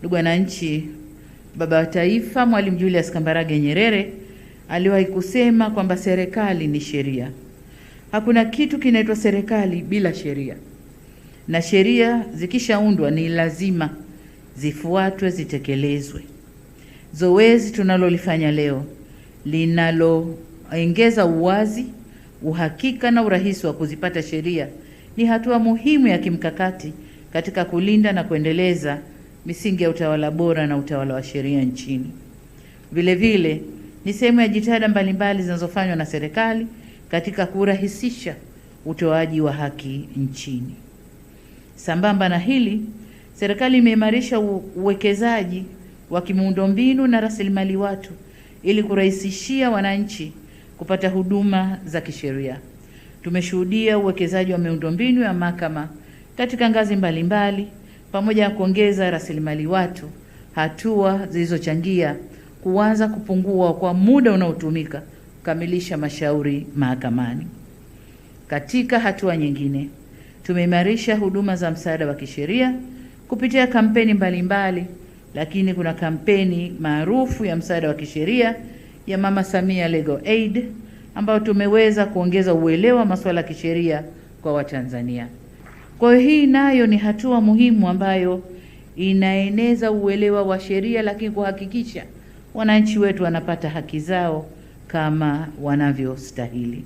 Ndugu wananchi, baba wa taifa Mwalimu Julius Kambarage Nyerere aliwahi kusema kwamba serikali ni sheria. Hakuna kitu kinaitwa serikali bila sheria, na sheria zikishaundwa ni lazima zifuatwe, zitekelezwe. Zoezi tunalolifanya leo linaloongeza uwazi, uhakika na urahisi wa kuzipata sheria ni hatua muhimu ya kimkakati katika kulinda na kuendeleza misingi ya utawala bora na utawala wa sheria nchini. Vilevile ni sehemu ya jitihada mbalimbali zinazofanywa na serikali katika kurahisisha utoaji wa haki nchini. Sambamba na hili, serikali imeimarisha uwekezaji wa kimiundombinu na rasilimali watu ili kurahisishia wananchi kupata huduma za kisheria. Tumeshuhudia uwekezaji wa miundombinu ya mahakama katika ngazi mbalimbali pamoja na kuongeza rasilimali watu, hatua zilizochangia kuanza kupungua kwa muda unaotumika kukamilisha mashauri mahakamani. Katika hatua nyingine, tumeimarisha huduma za msaada wa kisheria kupitia kampeni mbalimbali mbali, lakini kuna kampeni maarufu ya msaada wa kisheria ya Mama Samia Legal Aid ambayo tumeweza kuongeza uelewa wa masuala ya kisheria kwa Watanzania. Kwa hiyo hii nayo ni hatua muhimu ambayo inaeneza uelewa wa sheria, lakini kuhakikisha wananchi wetu wanapata haki zao kama wanavyostahili.